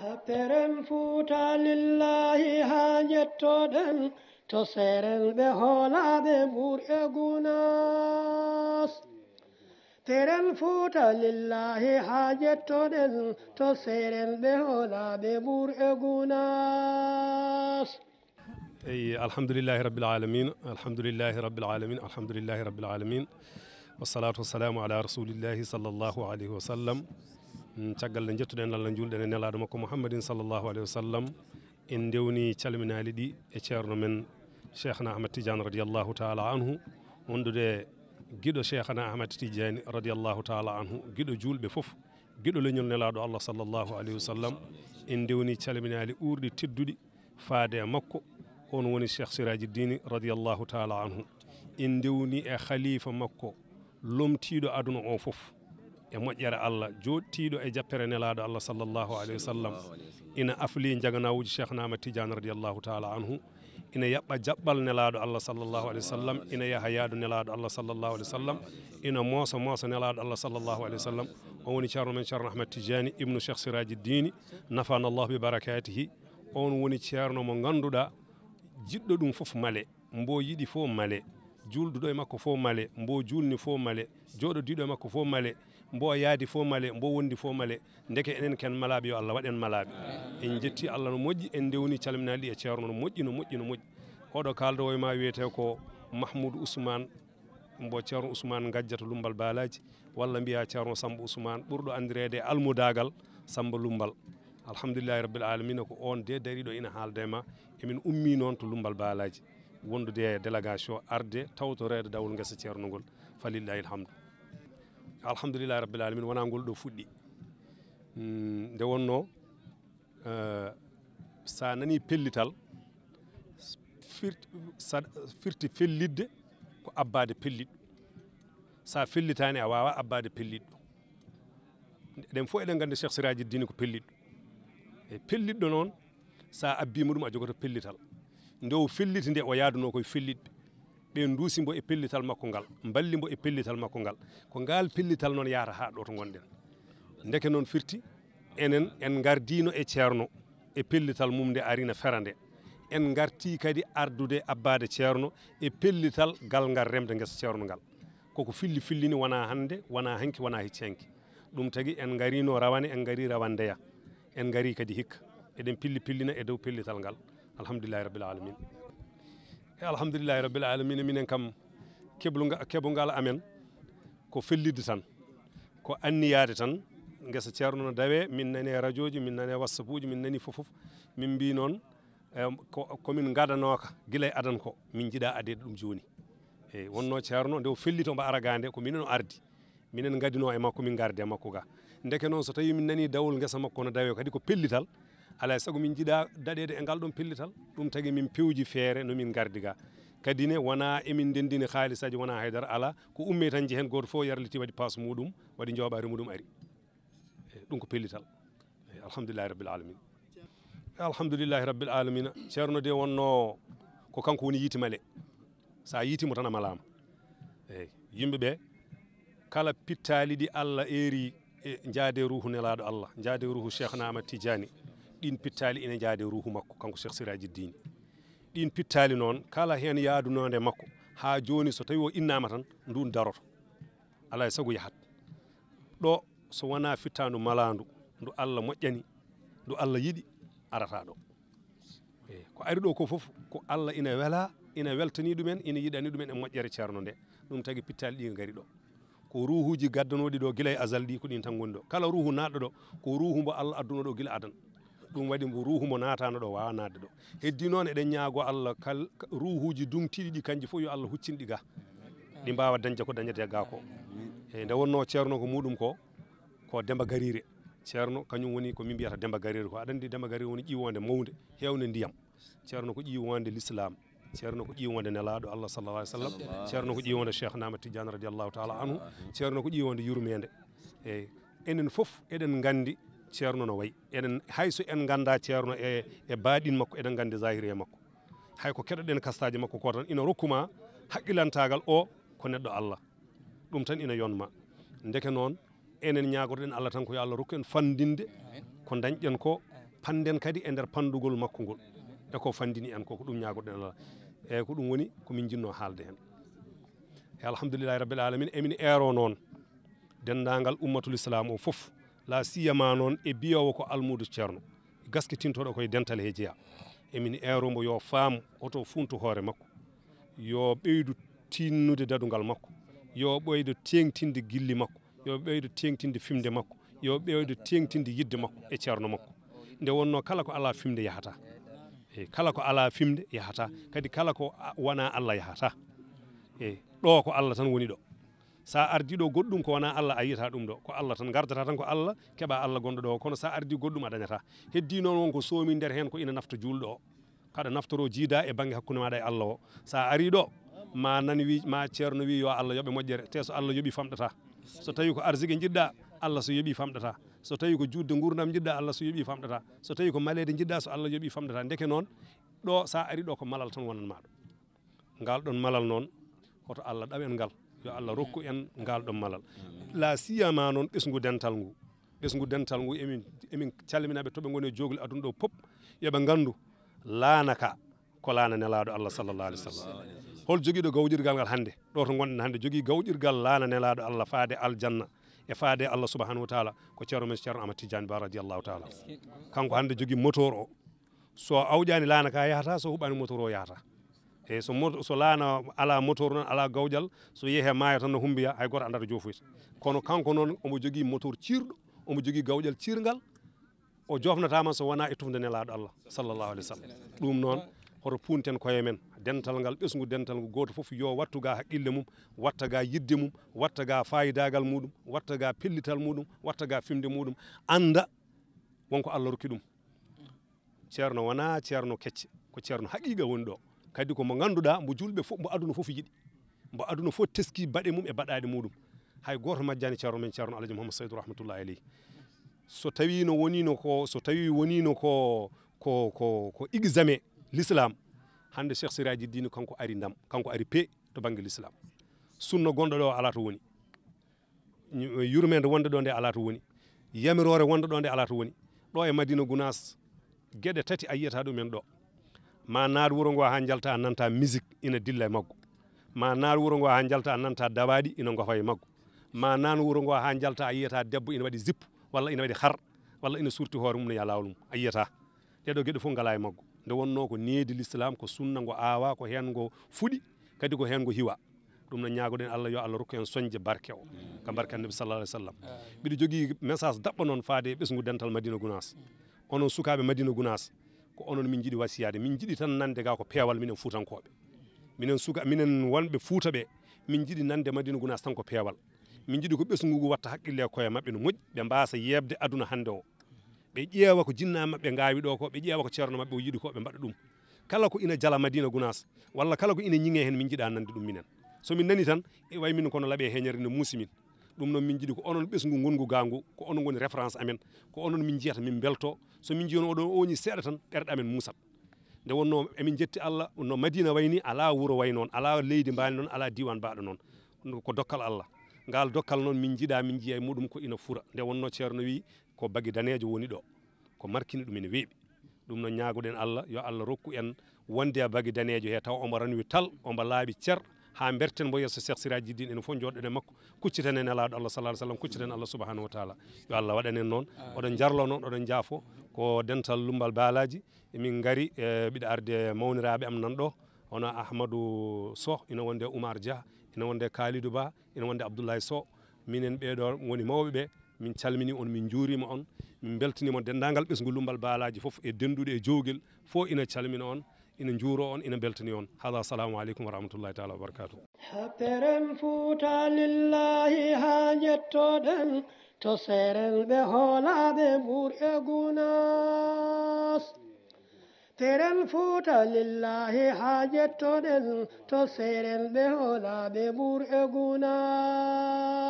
happeren fuuta lillahi ha jettoɗen to seren ɓe hoolaɓe ɓur e gunas teren fuuta lillahi ha jettoɗen to seren ɓe hoolaɓe ɓur e اي الحمد لله رب العالمين الحمد لله رب العالمين الحمد لله رب العالمين والصلاه والسلام على رسول الله صلى الله عليه وسلم caggal nde jettuɗen allah julɗen e nelaɗo makko mouhammadin sallllahu alayhi wa sallam en dewni calminali ɗi e ceerno men cheikhna ahmad tidiane radiallahu taala anhu wondude giɗo cheikhna ahmad tidiani radiallahu taala anhu giɗo julɓe foof giɗo leñol nelaɗo allah sallllahu alayhi wa sallam en dewni calminali urɗi tedduɗi faade e makko on woni cheikh siraji dini radiallahu taala anhu en dewni e khalifa makko lomtiɗo aduna o fof e moƴƴere allah joɗtiɗo e jappere nelaɗo allah sallllahu alayhi wa sallam ina afli jaganawuji cheikhna ahmad tidiane radiallahu taala anhu ina yaɓɓa jaɓɓal nelaɗo allah sallllahu alayhi wa sallam ina yaha yaadu nelaɗo allah sallllahu alayhi wa sallam ina moosa moosa nelaɗo allah sallllahu alayhi wa sallam o woni ceerno men ceerno ahmad tidiani ibnu cheikh siraji dini nafanallahu bi barakatihi on woni ceerno mo ganduɗa jiɗɗo ɗum fof male mbo yiɗi fof male julduɗo e makko fof male mbo julni fof male joɗodiɗo e makko fof male mbo yaadi fo male mbo wondi fof male ndeke enen ken malaɓe yo allah waɗen malaɓe en jetti allah no moƴƴi en dewni calminali e ceerno no moƴƴi no moƴƴi no moƴƴi oɗo kaldowo e ma wiyete ko mahmoudou ousmane mbo ceerno ousmane gajjata lumbal baalaji walla mbiya ceerno samba ousmane ɓurɗo andirede e almudagal samba lumbal alhamdulillahi rabbil alamina ko on de dariɗo ina haalde ma emin ummi noon to lumbal baalaji wondude e délégation arde tawtorede dawol guesa ceerno ngol falillahi alhamdu alhamdulillahi rabbil alamin wona ngol ɗo fuɗɗi mm, nde wonno eh, sa nani pellital firti fellidde ko abbade pelliɗɗo sa fellitani a wawa abbade pelliɗɗo eɗen fof eɗen gandi cheikh siraji dini ko pelliɗo e pelliɗo noon sa abbima ɗum a jogoto pellital nde o felliti nde o yaaduno koye felliɗɓe ɓe dusimbo e pellital makko ngal ballimbo e pellital makko ngal ko ngal pellital noon yaata ha ɗo to gonɗen deke noon firti enen en gardino e ceerno e pellital mum nde arina fera nde en garti kadi ardude abbade ceerno e pellital gal ngal remde guesa ceerno ngal koko filli fillini wona hande wona hanki wona heccenki ɗum tagui en garino rawane en gari rawandeya en gari kadi hikka eɗen pilli pillina e dow pellital ngal alhamdulillahi rabbil alamin Eh, alhamdulillahi rabbil alamina minen kam keɓogal amen ko fellidde tan ko anniyade tan guesa ceerno no dawe min nani e radio ji min nani e whatsapp uji min nani fofoof min mbi noon eh, komin gadanoka guila e adana ko min e jiiɗa adede ɗum joni eyyi eh, wonno ceerno nde o felli to mbo araga nde ko minen o ardi minen gadino e makko min garde e makko ga deke noon so tawi min nani dawol guesa makko no dawe kadi ko pellital alay saago min jiiɗa daɗede e ngal ɗon pellital ɗum tagui min pewji feere nomin gardi ga kadi ne wona emin ndendini haalisaji wona haydara ala ko ummi tan jehen goto fof yarliti waɗi passe muɗum waɗi joɓari muɗum ari ɗum ko pellital alhamdulillahi rabbil alamin alhamdulillahi rabbil alamina ceerno de wonno ko kanko woni yiitimale sa yiitimo tan a malama eyyi yimɓeɓe kala pittali ɗi allah eeri e jaade ruhu nelaɗo allah jaade ruhu cheikh amad tidiani ɗin pittali ina jaade ruhu makko kanko cheikh siraji dine ɗin pittali noon kala hen yaadunode makko ha joni so tawi o innama tan ndun daroto ala e saago yahat ɗo so wona fittandu malandu ndu allah moƴƴani ndu allah yiɗi arata ɗo eyi ko ari ɗo ko foof ko allah ina wela ina weltani ɗumen ina yiɗani ɗumen e moƴƴere ceerno nde ɗum tagui pittali ɗi gari ɗo ko ruhuji gaddanoɗi ɗo guila e azal ɗi ko ɗin tan gondi ɗo kala ruhu naɗɗo ɗo ko ruhu mbo allah adduno ɗo guila adana ɗum waɗi mbo ruhu mo natano ɗo wawa nadde ɗo heddi noon eɗen ñaago allah kal ruhuji dumtiɗi ɗi kanji fo yo allah huccinɗi ga ɗi mbawa dañde ko dañete ga ko eyyi nde wonno ceerno ko muɗum ko ko ndemba garire ceerno kañum woni ko min mbiyata ndemba garire ko aɗa demba ndemba garire woni ƴiwonde mawde hewde ndiyam ceerno ko ƴiwonde l'islam ceerno ko ƴiwonde nelaɗo allah sallallah alih sallam ceerno ko ƴiwonde cheikh nama tidiane radiallahu taala anhu ceerno ko ƴiwonde yurmede eyi enen foof eɗen gandi ceerno no wayi enen hayso en ganda ceerno e e baaɗin makko eɗen gandi zahiri e makko hay ko keɗoɗen kastaji makko ko tan ina rokkuma haqqilantagal o ko neɗɗo allah ɗum tan ina yonma ndeke noon enen ñagotoɗen allah tan ko yo allah rokku en fandinde ko dañƴen ko panden kadi e nder pandugol makko ngol eko fandini en ko ko ɗum ñagotoɗen allah eyyi ko ɗum woni komin jinno haalde hen e alhamdulillahi rabbil alamin emin eero noon dendagal ummatul islam o foof la siyama noon e biyowo ko almudo ceerno gaskitintoɗo koye dental he jeeya emin eromo yo faam oto funtu hoore makko yo ɓeydu tinnude dadugal makko yo ɓeydo tengtinde gilli makko yo ɓeydo tengtinde fimde makko yo ɓeydo tengtinde yidde makko e ceerno makko nde wonno kala ko ala fimde yahata e kala ko ala fimde yahata kadi kala ko wona allah yahata e ɗo ko allah tan woni ɗo sa ardi ɗo goɗɗum ko wona allah a yiyata ɗum ɗo ko allah tan gardata tan ko allah keeɓa allah gonɗo ɗo kono sa ardi goɗɗum a dañata heddi noon wonko soomi nder hen ko ina nafta julɗo o kaɗa naftoro jiida e banggue hakkude maɗa e allah o sa ari ɗo ma nan wi ma ceerno wi yo allah yooɓe moƴƴere te so allah yooɓi famɗata so tawi ko arsigue jiɗɗa allah so yooɓi famɗata so tawi ko judde gurdam jiɗɗa allah so yooɓi famɗata so tawi ko malede jiɗɗa so allah yooɓi famɗata ndeke noon ɗo sa ari ɗo ko malal tan wonanmaɗo ngal ɗon malal noon hoto allah ɗawen ngal yo allah rokku en ngal ɗon malal la siyama noon ɓesgu dental ngu ɓesgu dental ngu emin emin calminaɓe toɓe gooni e jogli aduna ɗo pop yooɓe gandu laanaka ko laana nelaɗo allah sallallah alih w sallam hol joguiɗo gawƴirgal ngal hannde ɗo to gonɗen hannde jogui gawƴirgal laana nelaɗo allah faade aljanna e faade allah subahanahu wa taala ko ceerno men ceerno amad tidiani ba radiallahu taala kanko hannde jogui motor o so awƴani laanaka yahata so huɓani motor o yahata eyyi so moto so laana ala moteur noon ala gawƴal so yeehe maayo tan no humbiya hay goto andata jofoyta kono kanko noon omo jogui moteur cirɗo omo jogui gawƴal cirgal o jofnatama so wona e tufde nelaɗo allah sallallahu alih w sallam ɗum noon hoto punten koye men dental ngal ɓesgu dental ngu goto foof yo wattu ga haqqille mum watta ga yidde mum watta ga fayidagal muɗum watta ga pellital muɗum watta ga fimde muɗum anda wonko allah rokki ɗum ceerno wona ceerno kecce ko ceerno haqiqa woni ɗo kadi komo ganduɗa mo julɓe foof mo aduna foof yiɗi mbo aduna foof teski baɗe mum e baɗaɗe muɗum hay goto majjani ceerno men ceerno alaji mouhamad saydou rahmatullahi aleyhi so tawi no wonino ko so tawi wonino ko ko ko ko exame l'islam hande cheikh siraji dine kanko ari ndam kanko ari pe to banggue l'islam sunna gonɗo ɗo ala to woni yurmede wonde ɗo nde ala to woni yamirore wonde ɗo nde ala to woni ɗo e madina gounas gueɗe tati a yiyata ɗumen ɗo ma naar wuro ngo ha jalta nanta musique ina dilla e maggo ma naar wuro ngo ha jalta nanta dawaɗi ina gofa e maggo ma naan wuro ngo ha jalta a yiyata debbo ina waɗi zippu walla ina waɗi har walla ina surti hoore mum ne ya lawol mum a yiyata ɗeɗo gueɗe fof ngala e maggo nde wonno ko needi l'islam ko sunna ngo awa ko hen ngo fuɗi kadi ko hen ngo hiwa ɗum no ñaagoɗen allah yo allah rokku en soñde barke o ka barke annabi sallallah alih w sallam mbiɗo jogui message daɓɓa noon faade e ɓesgu dental madina gounas onon sukaɓe madina gounas ko onon min jiiɗi wasiyade min jiiɗi tan nande ga ko peewal minen fuutankoɓe minen suka minen wonɓe fuuta ɓe min jiiɗi nande madina gunas tan ko peewal min jiiɗi ko ɓesgugu watta haqqille e koye mabɓe no moƴƴi ɓe mbasa yebde aduna hande o ɓe ƴeewa ko jinna mabɓe gawi ɗo ko ɓe ƴeewa ko ceerno mabɓe o yiɗi ko ɓe mbaɗa ɗum kala ko ina jala madina gunas walla kala ko ina ñiŋe hen min jiiɗa nande ɗum minen somin nani tan e way min kono laaɓe heñere no musimin ɗum noon min jiiɗi ko onon ɓesgu gongu gangu ko onon goni référence amen ko onon min jiyata min belto somin jii on oɗon oñi seeɗa tan ɗerɗe amen musat nde wonno emin jetti allah no madina wayni ala wuuro way noon ala leydi mbani noon ala diwan mbaɗo noon ko dokkal allah ngal dokkal noon min jiiɗa min jiiya e muɗum ko ina fura nde wonno ceerno wi ko baggue danejo woni ɗo ko markini ɗum ene weeɓi ɗum noon ñagoɗen allah yo allah rokku en wonde e baggue danejo he taw omo ranwi tal omo laaɓi ceer ha berten mbo yesso cheikh siraji din enen fof jooɗon e makko kucciten en elaɗo allah sallah sallam kucciten allah subahanahu wa taala yo allah waɗan en noon oɗon jarlo noon oɗon jaafo ko dental lumbal baalaji emin gaari e ɓiɗa arde e mawniraɓe am nan ɗo hono ahmadou so ina wonde oumar dia ina wonde kalidou ba ina wonde abdoulaye so minen ɓeɗo woni mawɓeɓe min calmini on min juurima on min beltanima dendagal ɓesgu lumbal baalaji foof e denduɗe e jowguel fo ina calmina on ina njuro on ina beltani on hada assalamu aleykum wa rahmatullahi taala wa barakatuh happeren futa lillahi ha den to seren hola be ɓur e gunas teren futa lillahi ha den to seren hola be ɓur e gunas